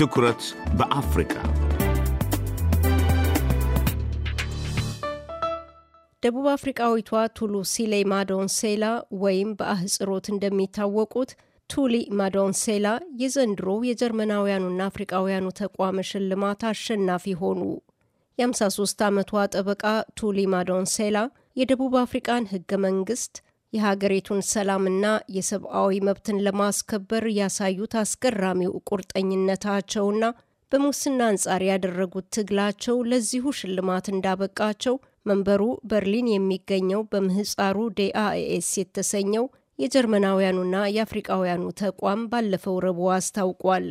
ትኩረት በአፍሪካ ደቡብ አፍሪቃዊቷ ቱሉ ሲሌ ማዶንሴላ ወይም በአህጽሮት እንደሚታወቁት ቱሊ ማዶንሴላ የዘንድሮው የጀርመናውያኑና አፍሪቃውያኑ ተቋም ሽልማት አሸናፊ ሆኑ። የ53 ዓመቷ ጠበቃ ቱሊ ማዶንሴላ የደቡብ አፍሪቃን ህገ መንግስት የሀገሪቱን ሰላምና የሰብአዊ መብትን ለማስከበር ያሳዩት አስገራሚው ቁርጠኝነታቸውና በሙስና አንጻር ያደረጉት ትግላቸው ለዚሁ ሽልማት እንዳበቃቸው መንበሩ በርሊን የሚገኘው በምህፃሩ ዴአኤኤስ የተሰኘው የጀርመናውያኑና የአፍሪቃውያኑ ተቋም ባለፈው ረቡዕ አስታውቋል።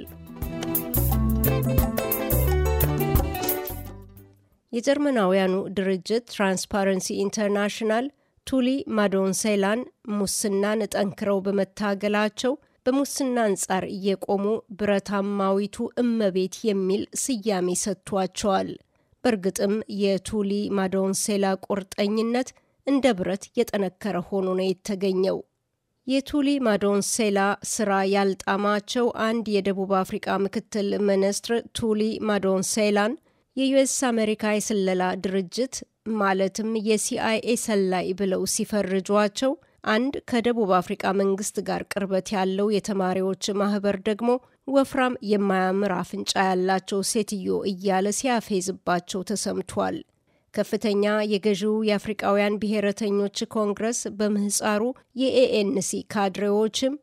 የጀርመናውያኑ ድርጅት ትራንስፓረንሲ ኢንተርናሽናል ቱሊ ማዶንሴላን ሙስናን ጠንክረው በመታገላቸው በሙስና አንጻር እየቆሙ ብረታማዊቱ እመቤት የሚል ስያሜ ሰጥቷቸዋል። በእርግጥም የቱሊ ማዶንሴላ ቁርጠኝነት እንደ ብረት የጠነከረ ሆኖ ነው የተገኘው። የቱሊ ማዶንሴላ ስራ ያልጣማቸው አንድ የደቡብ አፍሪቃ ምክትል ሚኒስትር ቱሊ ማዶንሴላን የዩኤስ አሜሪካ የስለላ ድርጅት ማለትም የሲአይኤ ሰላይ ብለው ሲፈርጇቸው፣ አንድ ከደቡብ አፍሪቃ መንግስት ጋር ቅርበት ያለው የተማሪዎች ማህበር ደግሞ ወፍራም የማያምር አፍንጫ ያላቸው ሴትዮ እያለ ሲያፌዝባቸው ተሰምቷል። ከፍተኛ የገዢው የአፍሪቃውያን ብሔረተኞች ኮንግረስ በምህፃሩ የኤኤንሲ ካድሬዎችም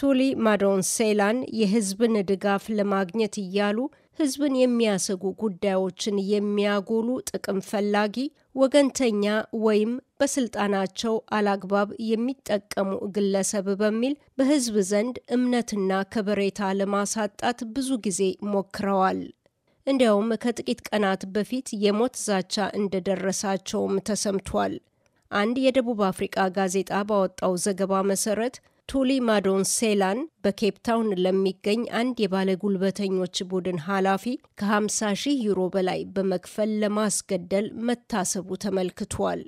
ቱሊ ማዶንሴላን የህዝብን ድጋፍ ለማግኘት እያሉ ህዝብን የሚያሰጉ ጉዳዮችን የሚያጎሉ ጥቅም ፈላጊ፣ ወገንተኛ ወይም በስልጣናቸው አላግባብ የሚጠቀሙ ግለሰብ በሚል በህዝብ ዘንድ እምነትና ከበሬታ ለማሳጣት ብዙ ጊዜ ሞክረዋል። እንዲያውም ከጥቂት ቀናት በፊት የሞት ዛቻ እንደደረሳቸውም ተሰምቷል። አንድ የደቡብ አፍሪቃ ጋዜጣ ባወጣው ዘገባ መሰረት ቱሊ ማዶንሴላን በኬፕታውን ለሚገኝ አንድ የባለ ጉልበተኞች ቡድን ኃላፊ ከ50 ሺህ ዩሮ በላይ በመክፈል ለማስገደል መታሰቡ ተመልክቷል።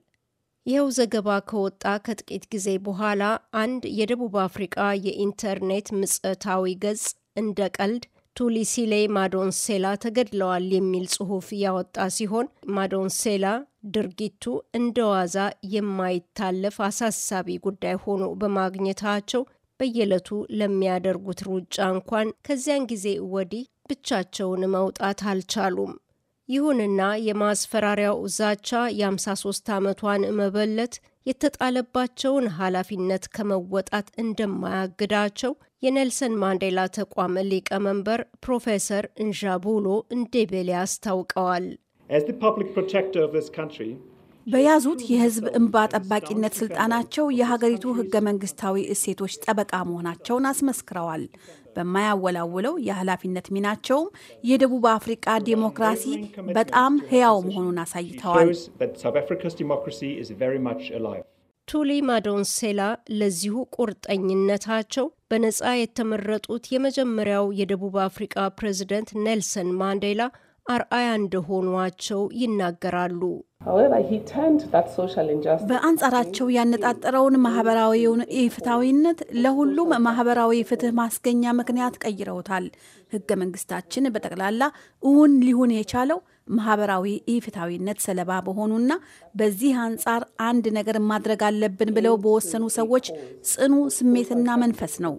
ይኸው ዘገባ ከወጣ ከጥቂት ጊዜ በኋላ አንድ የደቡብ አፍሪቃ የኢንተርኔት ምጸታዊ ገጽ እንደ ቀልድ ቱሊሲሌ ማዶንሴላ ተገድለዋል የሚል ጽሑፍ ያወጣ ሲሆን ማዶንሴላ ድርጊቱ እንደ ዋዛ የማይታለፍ አሳሳቢ ጉዳይ ሆኖ በማግኘታቸው በየዕለቱ ለሚያደርጉት ሩጫ እንኳን ከዚያን ጊዜ ወዲህ ብቻቸውን መውጣት አልቻሉም። ይሁንና የማስፈራሪያው ዛቻ የ53 ዓመቷን መበለት የተጣለባቸውን ኃላፊነት ከመወጣት እንደማያግዳቸው የኔልሰን ማንዴላ ተቋም ሊቀመንበር ፕሮፌሰር እንዣቡሎ እንዴቤሌ አስታውቀዋል። በያዙት የህዝብ እንባ ጠባቂነት ስልጣናቸው የሀገሪቱ ህገ መንግስታዊ እሴቶች ጠበቃ መሆናቸውን አስመስክረዋል። በማያወላውለው የኃላፊነት ሚናቸውም የደቡብ አፍሪቃ ዴሞክራሲ በጣም ህያው መሆኑን አሳይተዋል። ቱሊ ማዶንሴላ ለዚሁ ቁርጠኝነታቸው በነፃ የተመረጡት የመጀመሪያው የደቡብ አፍሪቃ ፕሬዝደንት ኔልሰን ማንዴላ አርአያ እንደሆኗቸው ይናገራሉ። በአንጻራቸው ያነጣጠረውን ማህበራዊውን ኢፍትሐዊነት ለሁሉም ማህበራዊ ፍትህ ማስገኛ ምክንያት ቀይረውታል። ህገ መንግስታችን በጠቅላላ እውን ሊሆን የቻለው ማህበራዊ ኢፍትሐዊነት ሰለባ በሆኑና በዚህ አንጻር አንድ ነገር ማድረግ አለብን ብለው በወሰኑ ሰዎች ጽኑ ስሜትና መንፈስ ነው።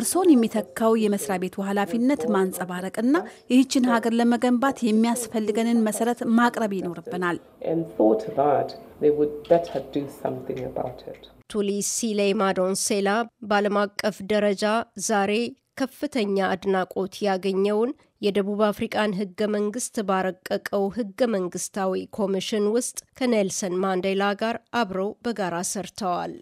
እርስዎን የሚተካው የመስሪያ ቤቱ ኃላፊነት ማንጸባረቅና ይህችን ሀገር ለመገንባት የሚያስፈልገንን መሰረት ማቅረብ ይኖርብናል። ቱሊሲሌ ማዶንሴላ በዓለም አቀፍ ደረጃ ዛሬ ከፍተኛ አድናቆት ያገኘውን የደቡብ አፍሪቃን ህገ መንግስት ባረቀቀው ህገ መንግስታዊ ኮሚሽን ውስጥ ከኔልሰን ማንዴላ ጋር አብረው በጋራ ሰርተዋል።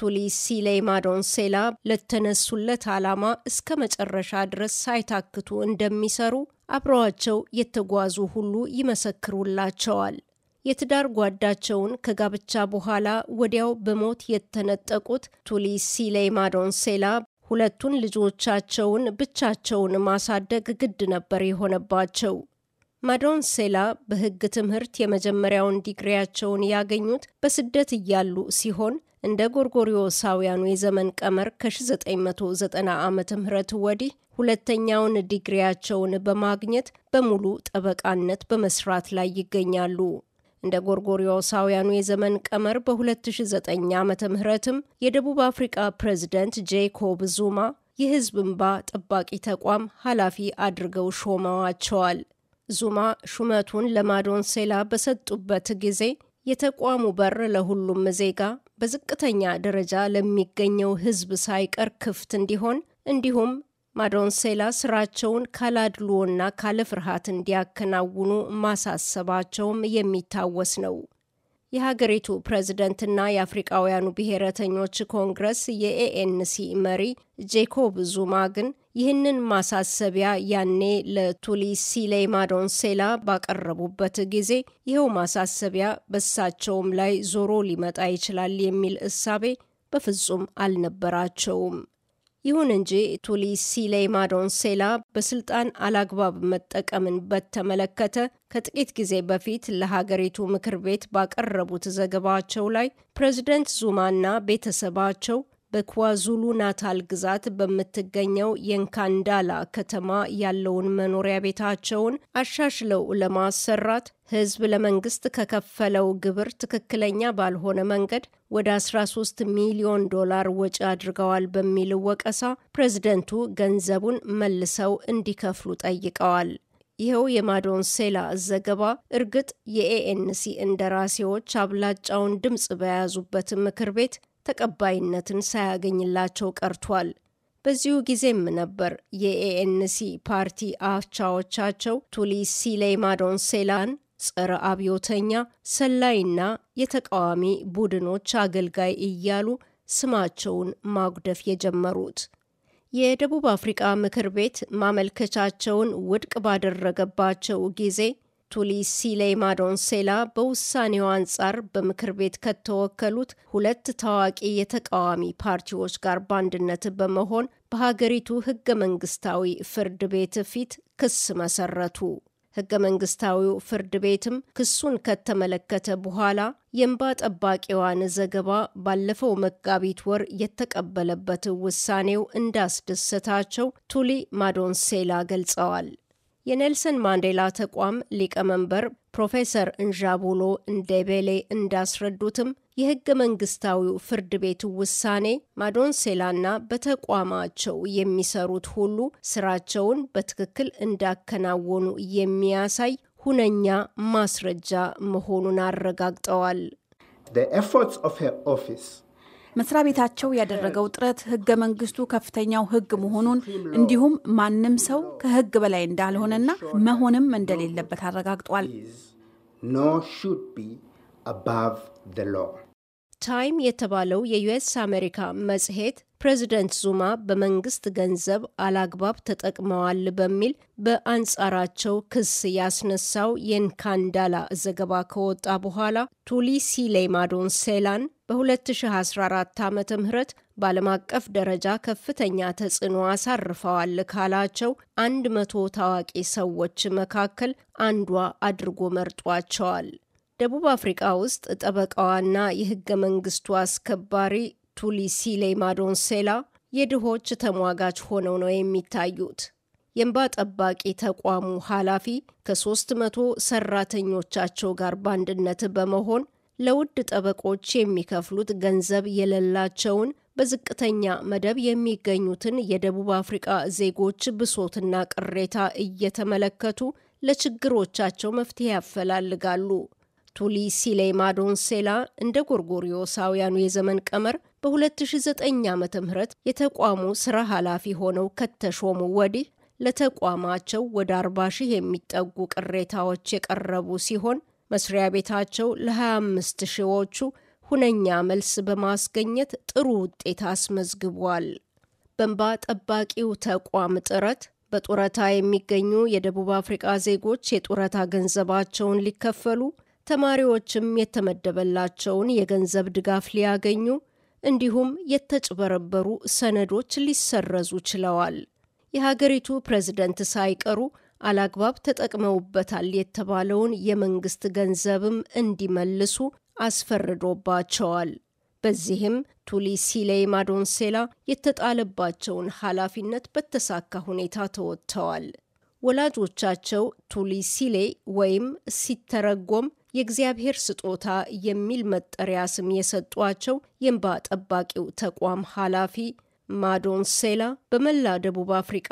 ቱሊሲሌ ማዶንሴላ ለተነሱለት ዓላማ እስከ መጨረሻ ድረስ ሳይታክቱ እንደሚሰሩ አብረዋቸው የተጓዙ ሁሉ ይመሰክሩላቸዋል። የትዳር ጓዳቸውን ከጋብቻ በኋላ ወዲያው በሞት የተነጠቁት ቱሊሲሌ ማዶንሴላ ሁለቱን ልጆቻቸውን ብቻቸውን ማሳደግ ግድ ነበር የሆነባቸው። ማዶንሴላ በሕግ ትምህርት የመጀመሪያውን ዲግሪያቸውን ያገኙት በስደት እያሉ ሲሆን እንደ ጎርጎሪዮሳውያኑ የዘመን ቀመር ከ1990 ዓ ም ወዲህ ሁለተኛውን ዲግሪያቸውን በማግኘት በሙሉ ጠበቃነት በመስራት ላይ ይገኛሉ። እንደ ጎርጎሪዮሳውያኑ የዘመን ቀመር በ2009 ዓ ም የደቡብ አፍሪቃ ፕሬዝደንት ጄኮብ ዙማ የህዝብ እንባ ጠባቂ ተቋም ኃላፊ አድርገው ሾመዋቸዋል። ዙማ ሹመቱን ለማዶንሴላ በሰጡበት ጊዜ የተቋሙ በር ለሁሉም ዜጋ በዝቅተኛ ደረጃ ለሚገኘው ህዝብ ሳይቀር ክፍት እንዲሆን እንዲሁም ማዶንሴላ ስራቸውን ካላድልዎና ካለ ፍርሃት እንዲያከናውኑ ማሳሰባቸውም የሚታወስ ነው። የሀገሪቱ ፕሬዝደንትና የአፍሪቃውያኑ ብሔረተኞች ኮንግረስ የኤኤንሲ መሪ ጄኮብ ዙማ ግን ይህንን ማሳሰቢያ ያኔ ለቱሊ ሲሌ ማዶንሴላ ባቀረቡበት ጊዜ ይኸው ማሳሰቢያ በሳቸውም ላይ ዞሮ ሊመጣ ይችላል የሚል እሳቤ በፍጹም አልነበራቸውም። ይሁን እንጂ ቱሊ ሲሌ ማዶንሴላ በስልጣን አላግባብ መጠቀምን በተመለከተ ከጥቂት ጊዜ በፊት ለሀገሪቱ ምክር ቤት ባቀረቡት ዘገባቸው ላይ ፕሬዚደንት ዙማና ቤተሰባቸው በኳዙሉ ናታል ግዛት በምትገኘው የንካንዳላ ከተማ ያለውን መኖሪያ ቤታቸውን አሻሽለው ለማሰራት ህዝብ ለመንግስት ከከፈለው ግብር ትክክለኛ ባልሆነ መንገድ ወደ 13 ሚሊዮን ዶላር ወጪ አድርገዋል በሚል ወቀሳ ፕሬዝደንቱ ገንዘቡን መልሰው እንዲከፍሉ ጠይቀዋል። ይኸው የማዶንሴላ ዘገባ እርግጥ የኤኤንሲ እንደራሴዎች አብላጫውን ድምፅ በያዙበት ምክር ቤት ተቀባይነትን ሳያገኝላቸው ቀርቷል። በዚሁ ጊዜም ነበር የኤኤንሲ ፓርቲ አቻዎቻቸው ቱሊሲሌ ማዶንሴላን ጸረ አብዮተኛ ሰላይና የተቃዋሚ ቡድኖች አገልጋይ እያሉ ስማቸውን ማጉደፍ የጀመሩት። የደቡብ አፍሪቃ ምክር ቤት ማመልከቻቸውን ውድቅ ባደረገባቸው ጊዜ ሲሌ ማዶንሴላ በውሳኔው አንጻር በምክር ቤት ከተወከሉት ሁለት ታዋቂ የተቃዋሚ ፓርቲዎች ጋር በአንድነት በመሆን በሀገሪቱ ህገ መንግስታዊ ፍርድ ቤት ፊት ክስ መሰረቱ። ህገ መንግስታዊው ፍርድ ቤትም ክሱን ከተመለከተ በኋላ የእንባ ጠባቂዋን ዘገባ ባለፈው መጋቢት ወር የተቀበለበት ውሳኔው እንዳስደሰታቸው ቱሊ ማዶንሴላ ገልጸዋል። የኔልሰን ማንዴላ ተቋም ሊቀመንበር ፕሮፌሰር እንዣቡሎ እንደቤሌ እንዳስረዱትም የህገ መንግስታዊው ፍርድ ቤቱ ውሳኔ ማዶንሴላና በተቋማቸው የሚሰሩት ሁሉ ስራቸውን በትክክል እንዳከናወኑ የሚያሳይ ሁነኛ ማስረጃ መሆኑን አረጋግጠዋል። The efforts of her office መስሪያ ቤታቸው ያደረገው ጥረት ህገ መንግስቱ ከፍተኛው ህግ መሆኑን እንዲሁም ማንም ሰው ከህግ በላይ እንዳልሆነና መሆንም እንደሌለበት አረጋግጧል። ታይም የተባለው የዩኤስ አሜሪካ መጽሔት ፕሬዚደንት ዙማ በመንግስት ገንዘብ አላግባብ ተጠቅመዋል በሚል በአንጻራቸው ክስ ያስነሳው የንካንዳላ ዘገባ ከወጣ በኋላ ቱሊሲሌ ሴላን በ2014 ዓ ም በዓለም አቀፍ ደረጃ ከፍተኛ ተጽዕኖ አሳርፈዋል ካላቸው 100 ታዋቂ ሰዎች መካከል አንዷ አድርጎ መርጧቸዋል። ደቡብ አፍሪቃ ውስጥ ጠበቃዋና የህገ መንግስቱ አስከባሪ ቱሊሲሌ ማዶንሴላ የድሆች ተሟጋች ሆነው ነው የሚታዩት። የእንባ ጠባቂ ተቋሙ ኃላፊ ከሶስት መቶ ሰራተኞቻቸው ጋር በአንድነት በመሆን ለውድ ጠበቆች የሚከፍሉት ገንዘብ የሌላቸውን በዝቅተኛ መደብ የሚገኙትን የደቡብ አፍሪቃ ዜጎች ብሶትና ቅሬታ እየተመለከቱ ለችግሮቻቸው መፍትሄ ያፈላልጋሉ። ቱሊሲሌ ማዶንሴላ እንደ ጎርጎሪዮሳውያኑ የዘመን ቀመር በ2009 ዓ ም የተቋሙ ስራ ኃላፊ ሆነው ከተሾሙ ወዲህ ለተቋማቸው ወደ 40 ሺህ የሚጠጉ ቅሬታዎች የቀረቡ ሲሆን መስሪያ ቤታቸው ለ25 ሺዎቹ ሁነኛ መልስ በማስገኘት ጥሩ ውጤት አስመዝግቧል። በእንባ ጠባቂው ተቋም ጥረት በጡረታ የሚገኙ የደቡብ አፍሪቃ ዜጎች የጡረታ ገንዘባቸውን ሊከፈሉ ተማሪዎችም የተመደበላቸውን የገንዘብ ድጋፍ ሊያገኙ እንዲሁም የተጭበረበሩ ሰነዶች ሊሰረዙ ችለዋል። የሀገሪቱ ፕሬዝደንት ሳይቀሩ አላግባብ ተጠቅመውበታል የተባለውን የመንግስት ገንዘብም እንዲመልሱ አስፈርዶባቸዋል። በዚህም ቱሊ ሲሌ ማዶንሴላ የተጣለባቸውን ኃላፊነት በተሳካ ሁኔታ ተወጥተዋል። ወላጆቻቸው ቱሊ ሲሌ ወይም ሲተረጎም የእግዚአብሔር ስጦታ የሚል መጠሪያ ስም የሰጧቸው የእንባ ጠባቂው ተቋም ኃላፊ ማዶንሴላ በመላ ደቡብ አፍሪቃ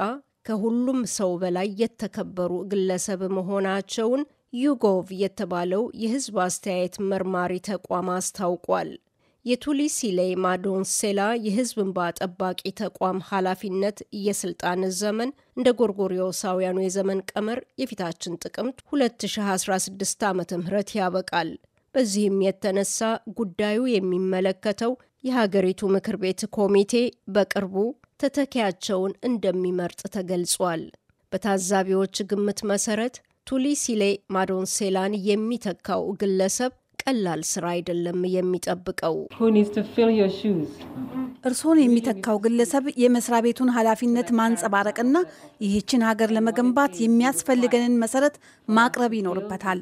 ከሁሉም ሰው በላይ የተከበሩ ግለሰብ መሆናቸውን ዩጎቭ የተባለው የሕዝብ አስተያየት መርማሪ ተቋም አስታውቋል። የቱሊሲሌ ማዶንሴላ የሕዝብ እንባ ጠባቂ ተቋም ኃላፊነት የስልጣን ዘመን እንደ ጎርጎሪዮሳውያኑ የዘመን ቀመር የፊታችን ጥቅምት 2016 ዓ ም ያበቃል። በዚህም የተነሳ ጉዳዩ የሚመለከተው የሀገሪቱ ምክር ቤት ኮሚቴ በቅርቡ ተተኪያቸውን እንደሚመርጥ ተገልጿል። በታዛቢዎች ግምት መሰረት ቱሊሲሌ ማዶንሴላን የሚተካው ግለሰብ ቀላል ስራ አይደለም የሚጠብቀው። እርሶን የሚተካው ግለሰብ የመስሪያ ቤቱን ኃላፊነት ማንጸባረቅና ይህችን ሀገር ለመገንባት የሚያስፈልገንን መሰረት ማቅረብ ይኖርበታል።